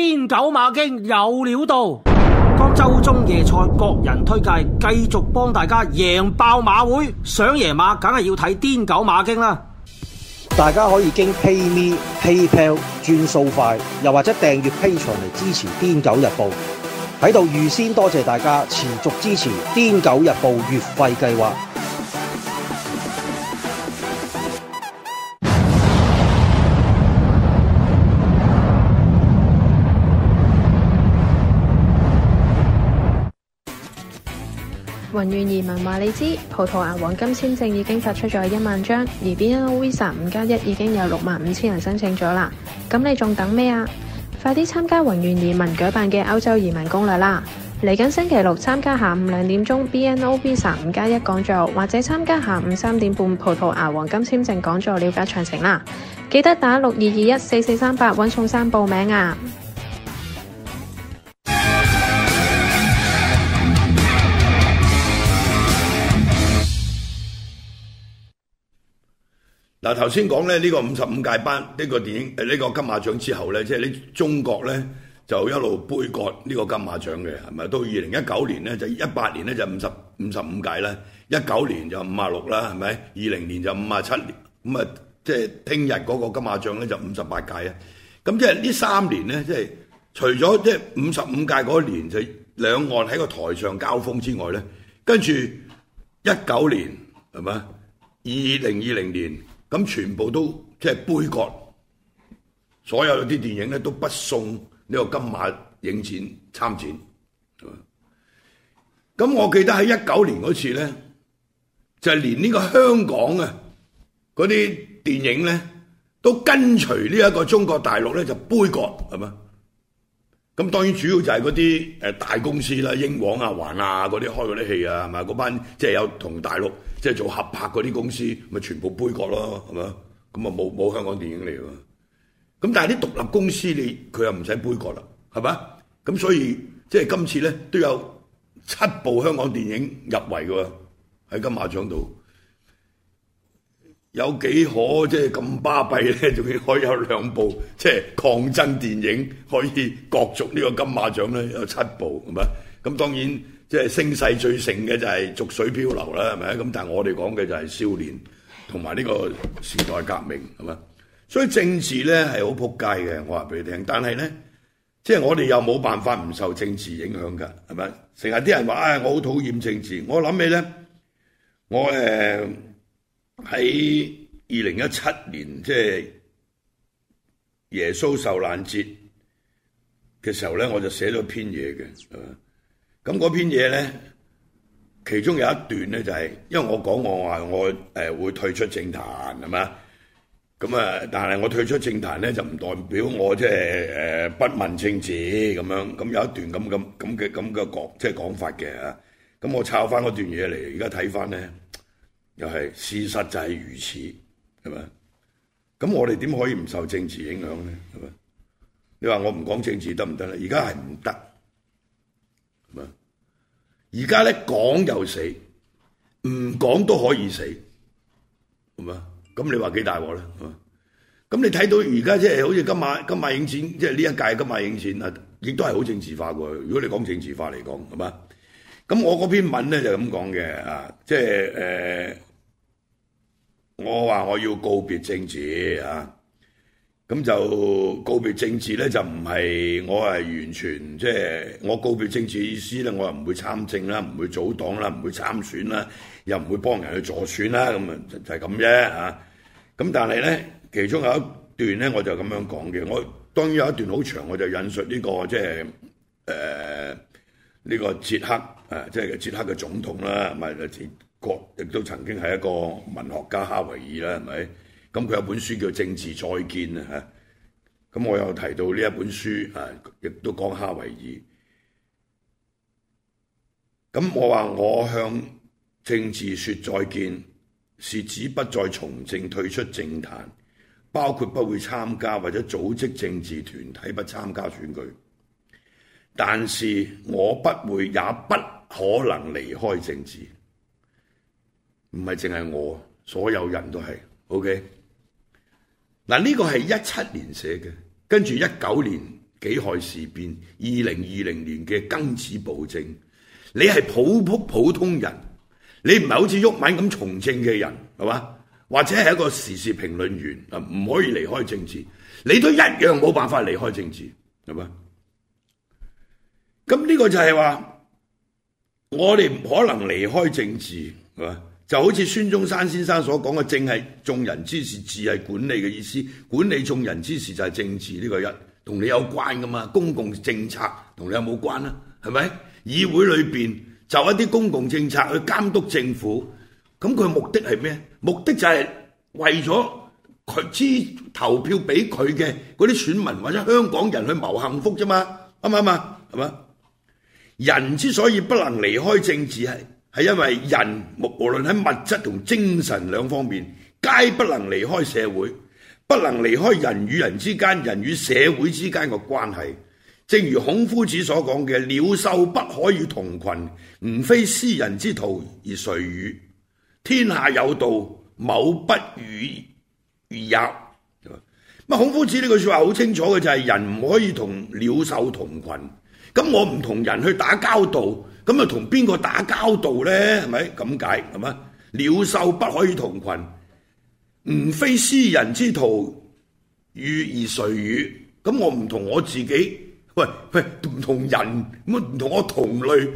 癲狗馬經有料到，當周中夜賽各人推介，繼續幫大家贏爆馬會。想贏馬梗係要睇癲狗馬經啦。大家可以經 PayMe、PayPal 轉數快，又或者訂閱 Pay 牆嚟支持癲狗日報。喺度預先多謝大家持續支持癲狗日報月費計劃。宏願移民話你知，葡萄牙黃金簽證已經發出咗一萬張，而 BNO Visa 五加一已經有六萬五千人申請咗啦，咁你仲等咩啊？快啲參加宏願移民舉辦嘅歐洲移民攻略啦！嚟緊星期六，參加下午兩點鐘 BNO Visa 五加一講座，或者參加下午三點半葡萄牙黃金簽證講座，了解詳情啦！記得打六二二一四四三八，揾宋生報名啊！嗱，頭先講咧，呢個五十五屆班呢個電影誒，呢個金馬獎之後咧，即係呢中國咧就一路杯葛呢個金馬獎嘅，係咪？到二零一九年咧，就一八年咧就五十五十五屆啦，一九年就五啊六啦，係咪？二零年就五啊七年，咁啊，即係聽日嗰個金馬獎咧就五十八屆啊。咁即係呢三年咧，即係除咗即係五十五屆嗰年就兩岸喺個台上交鋒之外咧，跟住一九年係咪？二零二零年。咁全部都即係杯葛，所有啲電影咧都不送呢個金馬影展參展。咁我記得喺一九年嗰次咧，就係、是、連呢個香港嘅嗰啲電影咧，都跟隨呢一個中國大陸咧就杯葛係嘛？咁當然主要就係嗰啲誒大公司啦，英皇啊、寰亞嗰啲開嗰啲戲啊，咪嗰班即係有同大陸即係、就是、做合拍嗰啲公司，咪、就是、全部杯葛咯，係咪啊？咁啊冇冇香港電影嚟喎？咁但係啲獨立公司你佢又唔使杯葛啦，係咪啊？咁所以即係、就是、今次咧都有七部香港電影入圍嘅喎，喺金馬獎度。有幾可即係咁巴閉咧？仲要可以有兩部即係抗爭電影可以角逐呢個金馬獎咧？有七部係嘛？咁當然即係聲勢最盛嘅就係《濁水漂流》啦，係咪？咁但係我哋講嘅就係《少年》同埋呢個《時代革命》，係嘛？所以政治咧係好扑街嘅，我話俾你聽。但係咧，即係我哋又冇辦法唔受政治影響噶，係咪？成日啲人話唉、哎，我好討厭政治。我諗起咧，我誒。呃喺二零一七年，即係耶穌受難節嘅時候咧，我就寫咗篇嘢嘅。咁嗰篇嘢咧，其中有一段咧就係，因為我講我話我誒會退出政壇係嘛，咁啊，但係我退出政壇咧就唔代表我即係誒不問政治咁樣。咁有一段咁咁咁嘅咁嘅講即係講法嘅啊。咁我抄翻嗰段嘢嚟，而家睇翻咧。就係事實就係如此，係咪？咁我哋點可以唔受政治影響咧？係咪？你話我唔講政治得唔得咧？而家係唔得，係咪？而家咧講又死，唔講都可以死，係咪啊？咁你話幾大鑊咧？咁你睇到而家即係好似今晚今晚影展，即係呢一屆今晚影展，啊，亦都係好政治化喎。如果你講政治化嚟講，係咪？咁我嗰篇文咧就咁講嘅啊，即係誒。呃我話我要告別政治嚇、啊，咁就告別政治咧就唔係我係完全即係、就是、我告別政治意思咧，我又唔會參政啦、啊，唔會組黨啦、啊，唔會參選啦、啊，又唔會幫人去助選啦、啊，咁啊就係咁啫嚇。咁但係咧其中有一段咧，我就咁樣講嘅。我當然有一段好長，我就引述呢、這個即係誒呢個捷克啊，即、就、係、是、個捷克嘅總統啦、啊，咪國亦都曾經係一個文學家，哈維爾啦，係咪咁？佢有本書叫《政治再見》啊。咁我有提到呢一本書啊，亦都講哈維爾。咁我話我向政治說再見，是指不再從政退出政壇，包括不會參加或者組織政治團體，不參加選舉。但是我不會，也不可能離開政治。唔係淨係我，所有人都係。OK，嗱呢個係一七年寫嘅，跟住一九年己亥事變，二零二零年嘅庚子暴政。你係普普普，普通人，你唔係好似毓民咁從政嘅人，係嘛？或者係一個時事評論員，唔可以離開政治，你都一樣冇辦法離開政治，係嘛？咁呢個就係話，我哋唔可能離開政治，係嘛？就好似孫中山先生所講嘅，政係眾人之事，治係管理嘅意思。管理眾人之事就係政治呢、這個一，同你有關噶嘛？公共政策同你有冇關啊？係咪？嗯、議會裏邊就一啲公共政策去監督政府，咁佢目的係咩？目的就係為咗佢支投票俾佢嘅嗰啲選民或者香港人去謀幸福啫嘛？啱唔啱啊？係嘛？人之所以不能離開政治係。係因為人無論喺物質同精神兩方面，皆不能離開社會，不能離開人與人之間、人與社會之間嘅關係。正如孔夫子所講嘅：鳥獸不可以同群，吾非斯人之徒而誰與？天下有道，某不與易也。咁，孔夫子呢句説話好清楚嘅就係、是、人唔可以同鳥獸同群。」咁我唔同人去打交道。咁啊，同邊個打交道咧？係咪咁解？係嘛，鳥獸不可以同群，吾非斯人之徒與而誰與？咁我唔同我自己，喂喂，唔同人，咁唔同我同類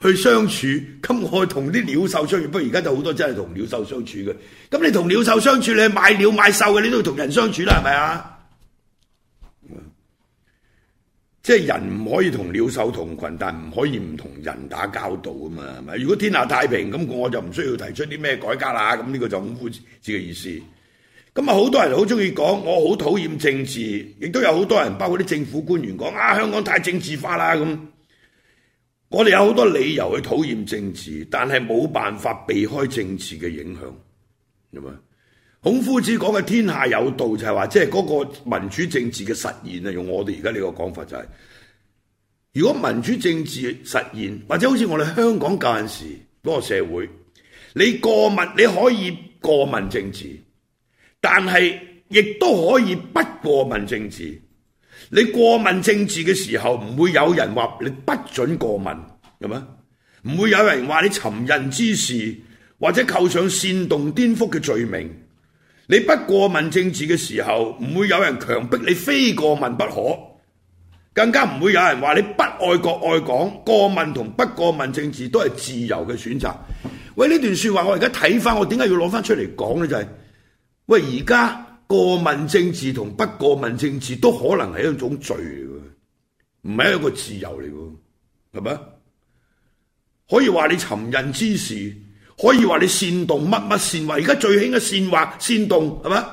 去相處。咁我同啲鳥獸相處，不過而家就好多真係同鳥獸相處嘅。咁你同鳥獸相處，你買鳥買獸嘅，你都要同人相處啦，係咪啊？即係人唔可以同鳥獸同群，但唔可以唔同人打交道啊嘛！如果天下太平，咁我就唔需要提出啲咩改革啦。咁呢個就孔夫子嘅意思。咁啊，好多人好中意講，我好討厭政治，亦都有好多人，包括啲政府官員講啊，香港太政治化啦咁。我哋有好多理由去討厭政治，但係冇辦法避開政治嘅影響，明白？孔夫子講嘅天下有道就係話，即係嗰個民主政治嘅實現啊！用我哋而家呢個講法就係、是：如果民主政治實現，或者好似我哋香港舊陣時嗰個社會，你過問你可以過問政治，但係亦都可以不過問政治。你過問政治嘅時候，唔會有人話你不准過問，係咪？唔會有人話你尋釁滋事，或者扣上煽動顛覆嘅罪名。你不過問政治嘅時候，唔會有人強迫你非過問不可，更加唔會有人話你不愛國愛港。過問同不過問政治都係自由嘅選擇。喂，呢段説話我而家睇翻，我點解要攞翻出嚟講咧？就係、是、喂，而家過問政治同不過問政治都可能係一種罪嚟嘅，唔係一個自由嚟嘅，係咪？可以話你尋人之事。可以話你煽動乜乜煽惑，而家最興嘅煽惑、煽動係嘛？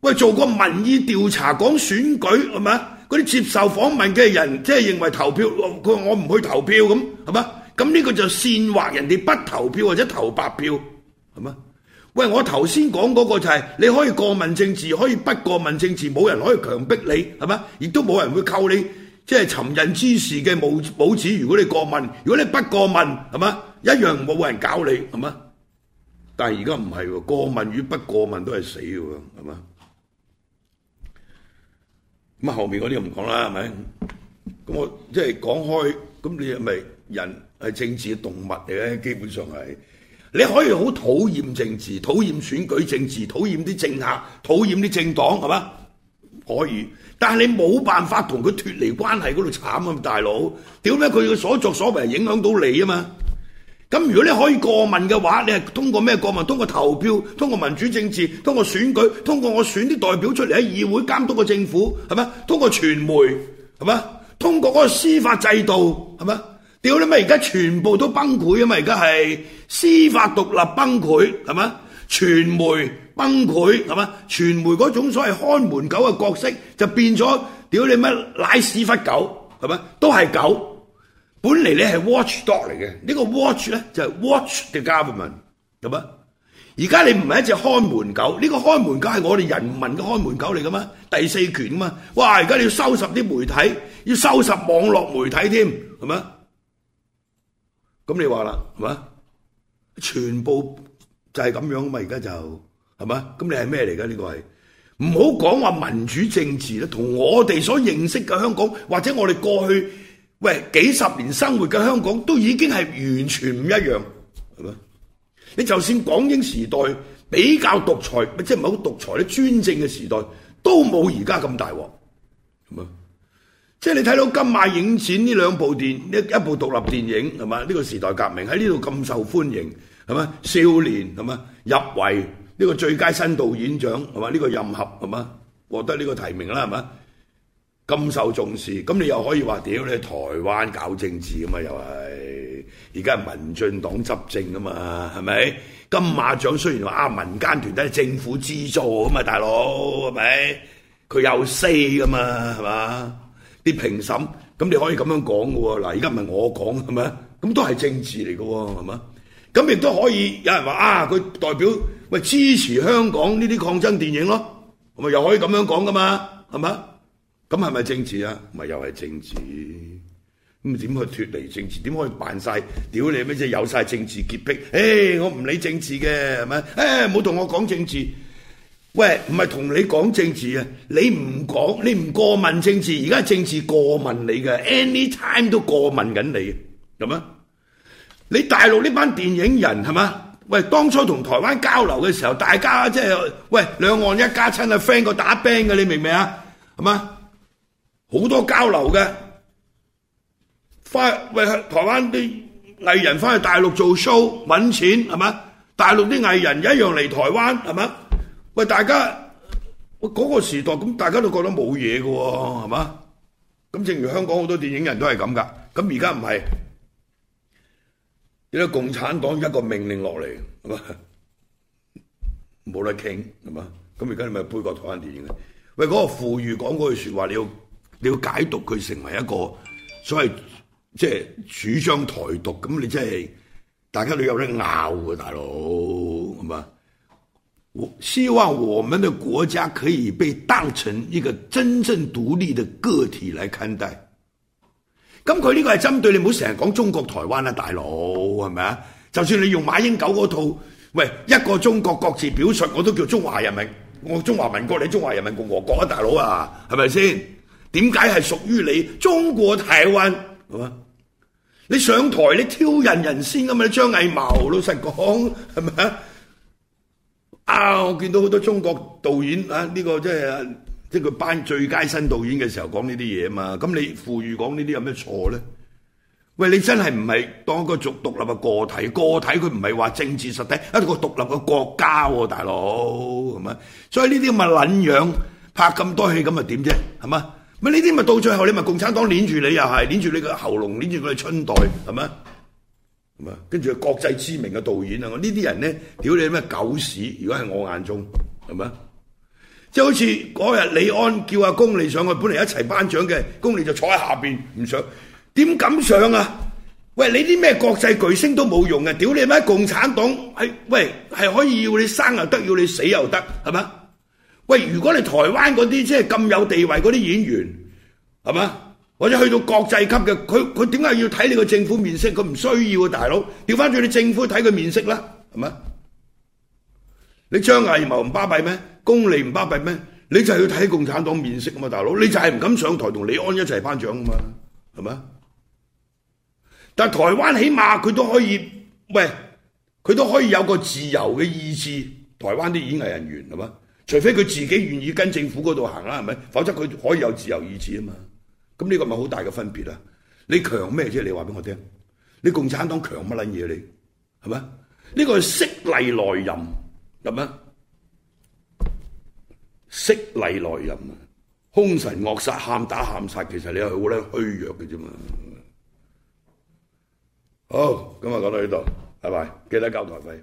喂，做過民意調查講選舉係嘛？嗰啲接受訪問嘅人，即係認為投票，佢話我唔去投票咁係嘛？咁呢個就煽惑人哋不投票或者投白票係嘛？喂，我頭先講嗰個就係、是、你可以過問政治，可以不過問政治，冇人可以強迫你係嘛？亦都冇人會扣你即係尋釁滋事嘅帽子。如果你過問，如果你不過問係嘛？一樣冇人搞你，係嘛？但係而家唔係喎，過問與不過問都係死嘅喎，係嘛？咁啊，後面嗰啲唔講啦，係咪？咁我即係講開，咁你係咪人係政治動物嚟，咧，基本上係你可以好討厭政治、討厭選舉政治、討厭啲政客、討厭啲政黨，係嘛？可以，但係你冇辦法同佢脫離關係，嗰度慘啊！大佬，點解佢嘅所作所為影響到你啊嘛！咁如果你可以過問嘅話，你係通過咩過問？通過投票，通過民主政治，通過選舉，通過我選啲代表出嚟喺議會監督個政府，係咪？通過傳媒，係咪？通過嗰個司法制度，係咪？屌你咪而家全部都崩潰啊嘛！而家係司法獨立崩潰，係咪？傳媒崩潰，係咪？傳媒嗰種所謂看門狗嘅角色就變咗，屌你咪拉屎忽狗，係咪？都係狗。本嚟你係 watchdog 嚟嘅，呢個 watch 咧就係 watch the government，咁啊？而家你唔係一隻看門狗，呢個看門狗係我哋人民嘅看門狗嚟噶嘛？第四權啊嘛，哇！而家你要收拾啲媒體，要收拾網絡媒體添，係咪？咁你話啦，係咪？全部就係咁樣啊嘛！而家就係咪？咁你係咩嚟噶？呢個係唔好講話民主政治咧，同我哋所認識嘅香港或者我哋過去。喂，幾十年生活嘅香港都已經係完全唔一樣，係咪？你就算港英時代比較獨裁，即係唔係好獨裁啲專政嘅時代，都冇而家咁大鑊，係咪？即係你睇到金馬影展呢兩部電，呢一部獨立電影係嘛？呢個時代革命喺呢度咁受歡迎，係咪？少年係嘛？入圍呢個最佳新導演獎係嘛？呢個任合係嘛？獲得呢個提名啦係嘛？咁受重視，咁你又可以話屌你台灣搞政治啊嘛，又係而家係民進黨執政啊嘛，係咪？金馬獎雖然話啊民間團體係政府資助啊嘛，大佬係咪佢有私啊嘛，係嘛啲評審，咁你可以咁樣講嘅喎，嗱而家唔係我講係咪？咁都係政治嚟嘅喎係咪？咁亦都可以有人話啊佢代表咪支持香港呢啲抗爭電影咯，咪又可以咁樣講㗎嘛，係咪？咁係咪政治啊？咪又係政治？咁點可以脫離政治？點可以扮晒屌你咩啫？有晒政治潔癖，唉、欸，我唔理政治嘅，係咪？唉、欸，冇同我講政治。喂，唔係同你講政治啊，你唔講，你唔過問政治，而家政治過問你嘅，anytime 都過問緊你，咁啊？你大陸呢班電影人係嘛？喂，當初同台灣交流嘅時候，大家即、就、係、是、喂兩岸一家親啊，friend 過打 band 嘅，你明唔明啊？係嘛？好多交流嘅，翻喂，台灣啲藝人翻去大陸做 show 搵錢，係嘛？大陸啲藝人一樣嚟台灣，係嘛？喂，大家，嗰個時代，咁大家都覺得冇嘢嘅，係嘛？咁正如香港好多電影人都係咁噶，咁而家唔係，你為共產黨一個命令落嚟，冇得傾，係嘛？咁而家你咪杯葛台灣電影嘅，喂，嗰個富裕講句說話你要。你要解讀佢成為一個所謂即係主張台獨，咁你真係大家都有得拗啊，大佬係嘛？我希望我們的國家可以被當成一個真正獨立嘅個體嚟看待。咁佢呢個係針對你，唔好成日講中國台灣啊，大佬係咪啊？就算你用馬英九嗰套。喂，一個中國各自表述，我都叫中華人民，我中華民國，你中華人民共和國啊，大佬啊，係咪先？點解係屬於你？中國台灣係嘛？你上台你挑引人，人先噶嘛？張藝謀老實講係咪啊？啊！我見到好多中國導演啊，呢、呢個即係即係佢頒最佳新導演嘅時候講呢啲嘢啊嘛。咁你傅裕講呢啲有咩錯咧？喂，你真係唔係當一個獨獨立嘅個體，個體佢唔係話政治實體一個獨立嘅國家，啊，大佬係嘛？所以呢啲咁嘅撚樣拍咁多戲咁啊點啫？係嘛？唔呢啲，咪到最後你咪共產黨攆住你又係攆住你個喉嚨，攆住佢嘅春袋，係咪？咁啊，跟住國際知名嘅導演啊，呢啲人咧，屌你咩狗屎！如果喺我眼中，係咪？即係好似嗰日李安叫阿鞏俐上去，佢本嚟一齊頒獎嘅，鞏俐就坐喺下邊唔上，點敢上啊？喂，你啲咩國際巨星都冇用嘅，屌你咩共產黨係，喂，係可以要你生又得，要你死又得，係咪？喂，如果你台灣嗰啲即係咁有地位嗰啲演員，係嘛？或者去到國際級嘅，佢佢點解要睇你個政府面色？佢唔需要啊，大佬。調翻轉你政府睇佢面色啦，係嘛？你張藝謀唔巴閉咩？鞏俐唔巴閉咩？你就係要睇共產黨面色啊嘛，大佬。你就係唔敢上台同李安一齊頒獎啊嘛，係嘛？但係台灣起碼佢都可以，喂，佢都可以有個自由嘅意志。台灣啲演藝人員係嘛？除非佢自己願意跟政府嗰度行啦，係咪？否則佢可以有自由意志啊嘛。咁呢個咪好大嘅分別啊！你強咩啫？你話俾我聽，你共產黨強乜撚嘢？你係咪？呢個係色厲內荏，咁樣？色厲內荏，兇神惡煞，喊打喊殺，其實你係好撚虛弱嘅啫嘛。好，咁啊講到呢度，拜拜，記得交台費。